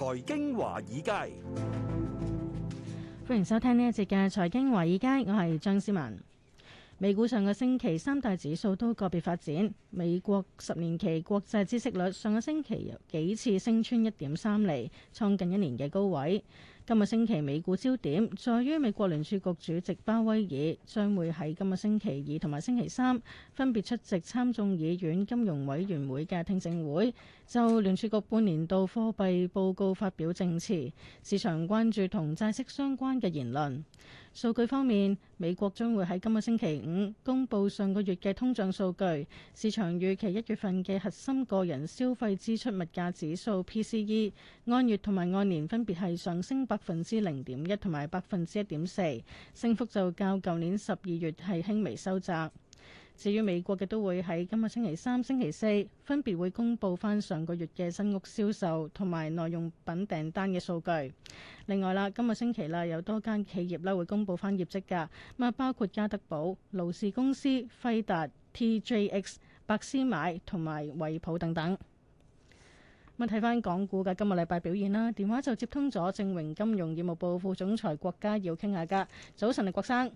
財經華爾街，歡迎收聽呢一節嘅財經華爾街，我係張思文。美股上個星期三大指數都個別發展，美國十年期國債孳息率上個星期有幾次升穿一點三厘，創近一年嘅高位。今日星期美股焦點在於美國聯儲局主席鮑威爾將會喺今日星期二同埋星期三分別出席參眾議院金融委員會嘅聽證會，就聯儲局半年度貨幣報告發表證詞，市場關注同債息相關嘅言論。數據方面，美國將會喺今日星期五公布上個月嘅通脹數據，市場預期一月份嘅核心個人消費支出物價指數 PCE 按月同埋按年分別係上升百。百分之零點一同埋百分之一點四，升幅就較舊年十二月係輕微收窄。至於美國嘅都會喺今個星期三、星期四分別會公布翻上，上個月嘅新屋銷售同埋耐用品訂單嘅數據。另外啦，今個星期啦，有多間企業啦會公布翻業績噶，啊包括家得寶、勞氏公司、輝達、T J X、百思買同埋惠普等等。咁睇翻港股嘅今個禮拜表現啦，電話就接通咗正榮金融業務部副總裁郭家耀傾下㗎。早晨，郭生。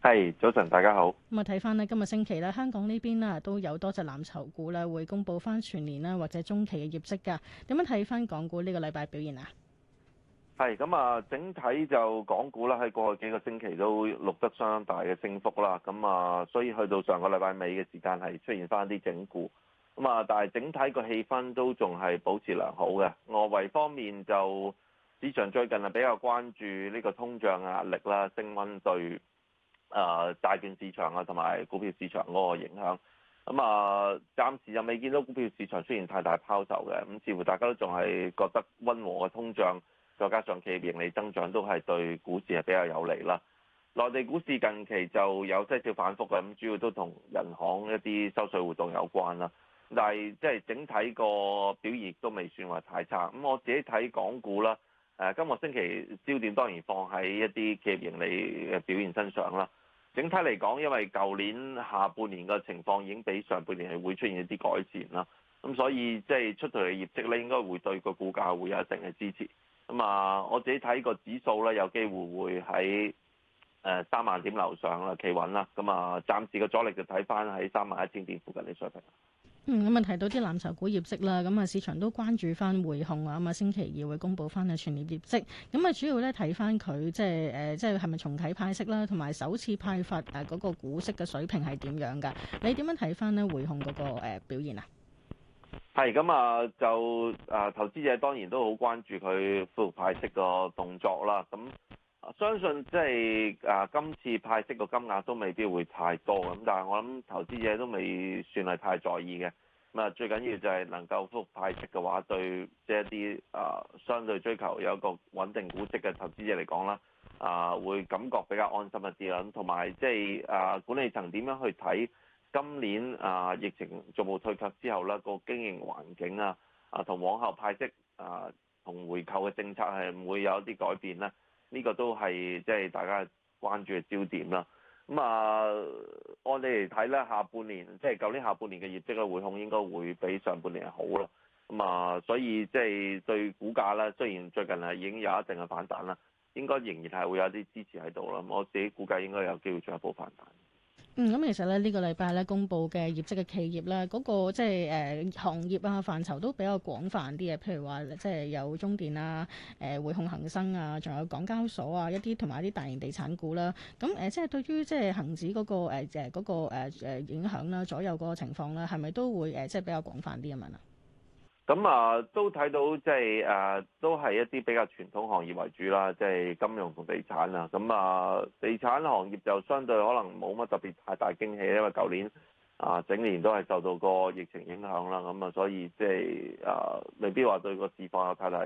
係早晨，大家好。咁啊，睇翻咧，今個星期咧，香港呢邊咧都有多隻藍籌股咧會公布翻全年咧或者中期嘅業績噶。點樣睇翻港股呢個禮拜表現啊？係咁啊，整體就港股啦，喺過去幾個星期都錄得相當大嘅升幅啦。咁啊，所以去到上個禮拜尾嘅時間係出現翻啲整固。咁啊、嗯，但係整體個氣氛都仲係保持良好嘅。外圍方面就市場最近係比較關注呢個通脹壓力啦，升溫對啊債、呃、券市場啊同埋股票市場嗰個影響。咁、嗯、啊，暫、嗯、時就未見到股票市場出現太大拋售嘅。咁、嗯、似乎大家都仲係覺得溫和嘅通脹，再加上企業盈利增長都係對股市係比較有利啦。內地股市近期就有些少反覆嘅，咁、嗯、主要都同銀行一啲收稅活動有關啦。但係，即係整體個表現都未算話太差。咁我自己睇港股啦，誒、呃，今個星期焦點當然放喺一啲企業盈利嘅表現身上啦。整體嚟講，因為舊年下半年嘅情況已經比上半年係會出現一啲改善啦，咁所以即係出台嘅業績咧，應該會對個股價會有一定嘅支持。咁啊，我自己睇個指數咧，有機會會喺誒三萬點樓上啦，企穩啦。咁啊，暫時嘅阻力就睇翻喺三萬一千點附近嘅水平。嗯，咁啊提到啲藍籌股業績啦，咁啊市場都關注翻匯控啊，咁啊星期二會公布翻佢全年業績，咁啊主要咧睇翻佢即係誒，即係係咪重啟派息啦，同埋首次派發誒嗰個股息嘅水平係點樣噶？你點樣睇翻咧匯控嗰個表現啊？係咁啊，就誒投資者當然都好關注佢復派息個動作啦，咁。相信即係啊，今次派息個金額都未必會太多咁，但係我諗投資者都未算係太在意嘅。咁啊，最緊要就係能夠復派息嘅話，對即係一啲啊相對追求有一個穩定股息嘅投資者嚟講啦，啊會感覺比較安心一啲啦。同埋即係啊，管理層點樣去睇今年啊疫情逐步退卻之後咧個經營環境啊啊同往後派息啊同回購嘅政策係唔會有一啲改變咧？呢個都係即係大家關注嘅焦點啦。咁啊，按理嚟睇咧，下半年即係舊年下半年嘅業績咧，匯控應該會比上半年好啦。咁啊，所以即係對股價咧，雖然最近係已經有一定嘅反彈啦，應該仍然係會有啲支持喺度啦。我自己估計應該有機會進一步反彈。嗯，咁其實咧呢、呢個禮拜咧公佈嘅業績嘅企業咧，嗰、嗰個即係誒行業啊範疇都比較廣泛啲嘅，譬如話即係有中電啊、誒、呃、匯控恒生啊，仲有港交所啊一啲同埋一啲大型地產股啦。咁誒即係對於即係恒指嗰、嗰個誒誒嗰個、呃嗰個呃呃、影響啦，左右嗰個情況咧，係咪都會誒即係比較廣泛啲咁樣啊？咁啊，都睇到即係誒，都係一啲比較傳統行業為主啦，即係金融同地產啦。咁啊，地產行業就相對可能冇乜特別太大驚喜，因為舊年啊整年都係受到個疫情影響啦。咁啊，所以即係誒、啊，未必話對個市況有太大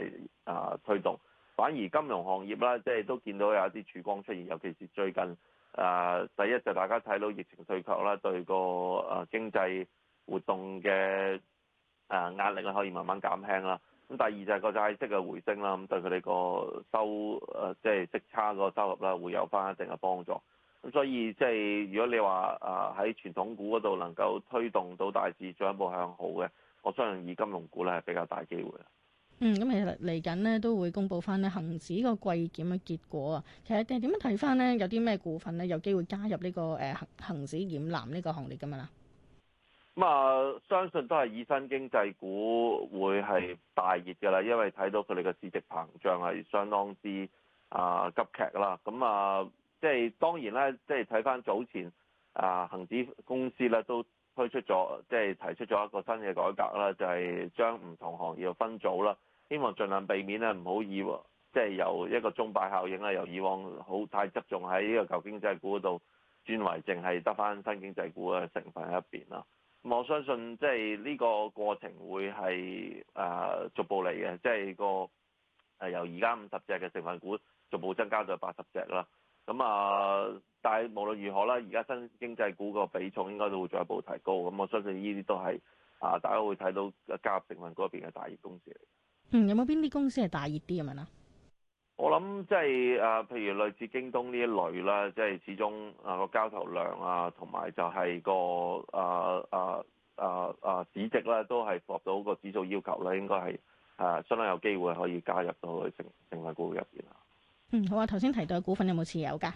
啊推動。反而金融行業啦，即係都見到有一啲曙光出現，尤其是最近誒、啊，第一就大家睇到疫情退卻啦，對個誒、啊、經濟活動嘅。啊壓力咧可以慢慢減輕啦。咁第二就係個債息嘅回升啦，咁對佢哋個收誒即係息差個收入啦，會有翻一定嘅幫助。咁所以即係如果你話啊喺傳統股嗰度能夠推動到大市進一步向好嘅，我相信以金融股咧係比較大機會。嗯，咁其實嚟緊呢都會公布翻咧恆指個季檢嘅結果啊。其實你點樣睇翻咧？有啲咩股份咧有機會加入呢、呢個誒恆恆指染藍呢個行列咁啊啦？咁啊，相信都係以新經濟股會係大熱嘅啦，因為睇到佢哋嘅市值膨脹係相當之啊急劇啦。咁啊，即係當然啦，即係睇翻早前啊恆指公司咧都推出咗，即係提出咗一個新嘅改革啦，就係將唔同行業分組啦，希望盡量避免咧唔好以即係由一個鐘擺效應啦，由以往好太側重喺呢個舊經濟股度，轉為淨係得翻新經濟股嘅成分喺入邊啦。我相信即係呢、這個過程會係啊、呃、逐步嚟嘅，即係個誒、呃、由而家五十隻嘅成分股，逐步增加到八十隻啦。咁、嗯、啊、呃，但係無論如何啦，而家新經濟股個比重應該都會進一步提高。咁、嗯、我相信呢啲都係啊、呃，大家會睇到加入成分股入邊嘅大熱公司嚟嘅。嗯，有冇邊啲公司係大熱啲咁樣啦？我諗即係誒、啊，譬如類似京東呢一類啦，即係始終啊個交投量啊，同埋就係個誒誒誒誒市值咧，都係符合到個指數要求咧，應該係誒相當有機會可以加入到佢成成分股入邊啊。嗯，好啊，頭先提到嘅股份有冇持有噶？誒、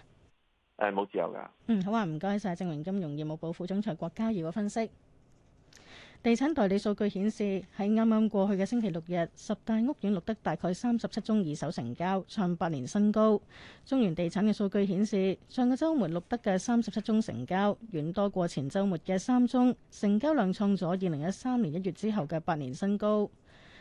欸，冇持有噶。嗯，好啊，唔該晒，正榮金融業務部副總裁郭嘉儀嘅分析。地產代理數據顯示，喺啱啱過去嘅星期六日，十大屋苑錄得大概三十七宗二手成交，創八年新高。中原地產嘅數據顯示，上個週末錄得嘅三十七宗成交，遠多過前週末嘅三宗，成交量創咗二零一三年一月之後嘅八年新高。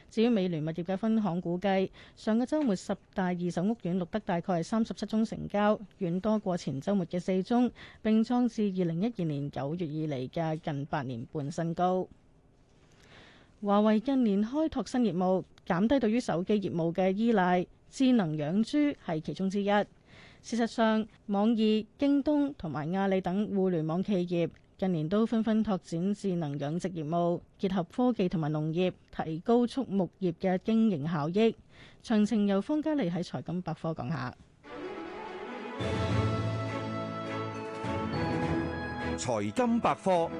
至於美聯物業嘅分行估計，上個週末十大二手屋苑錄得大概三十七宗成交，遠多過前週末嘅四宗，並創至二零一二年九月以嚟嘅近八年半新高。華為近年開拓新業務，減低對於手機業務嘅依賴。智能養豬係其中之一。事實上，網易、京東同埋阿里等互聯網企業近年都紛紛拓展智能養殖業務，結合科技同埋農業，提高畜牧業嘅經營效益。詳情由方佳利喺財金百科講下。財金百科。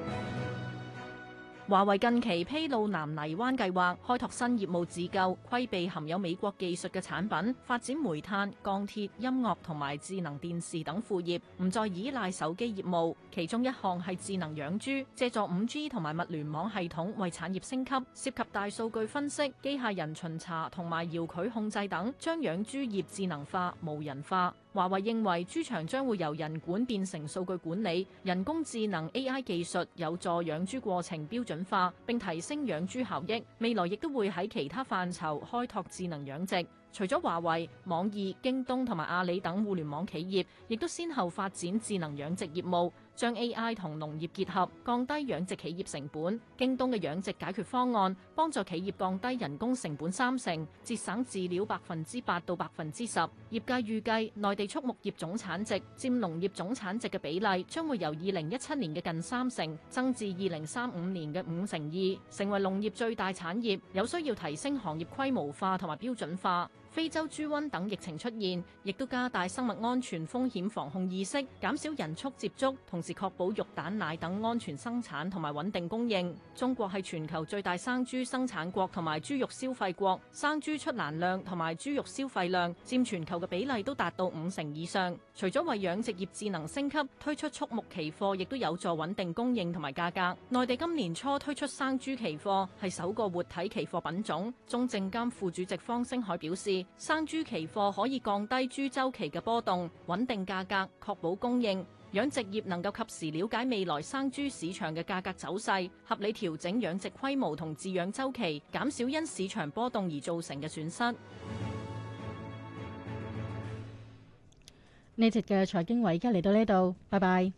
華為近期披露南泥灣計劃，開拓新業務自救，規避含有美國技術嘅產品，發展煤炭、鋼鐵、音樂同埋智能電視等副業，唔再依賴手機業務。其中一項係智能養豬，借助五 G 同埋物聯網系統為產業升級，涉及大數據分析、機械人巡查同埋遙距控制等，將養豬業智能化、無人化。華為認為豬場將會由人管變成數據管理，人工智能 AI 技術有助養豬過程標準化，並提升養豬效益。未來亦都會喺其他範疇開拓智能養殖。除咗華為、網易、京東同埋阿里等互聯網企業，亦都先後發展智能養殖業務，將 AI 同農業結合，降低養殖企業成本。京東嘅養殖解決方案，幫助企業降低人工成本三成，節省飼料百分之八到百分之十。業界預計，內地畜牧業總產值佔農業總產值嘅比例將會由二零一七年嘅近三成，增至二零三五年嘅五成二，成為農業最大產業。有需要提升行業規模化同埋標準化。非洲豬瘟等疫情出現，亦都加大生物安全風險防控意識，減少人畜接觸，同時確保肉蛋奶等安全生產同埋穩定供應。中國係全球最大生豬生產國同埋豬肉消費國，生豬出欄量同埋豬肉消費量佔全球嘅比例都達到五成以上。除咗為養殖業智能升級，推出畜牧期貨，亦都有助穩定供應同埋價格。內地今年初推出生豬期貨，係首個活體期貨品種。中證監副主席方星海表示。生豬期貨可以降低豬周期嘅波動，穩定價格，確保供應。養殖業能夠及時了解未來生豬市場嘅價格走勢，合理調整養殖規模同飼養周期，減少因市場波動而造成嘅損失。呢節嘅財經華爾街，而家嚟到呢度，拜拜。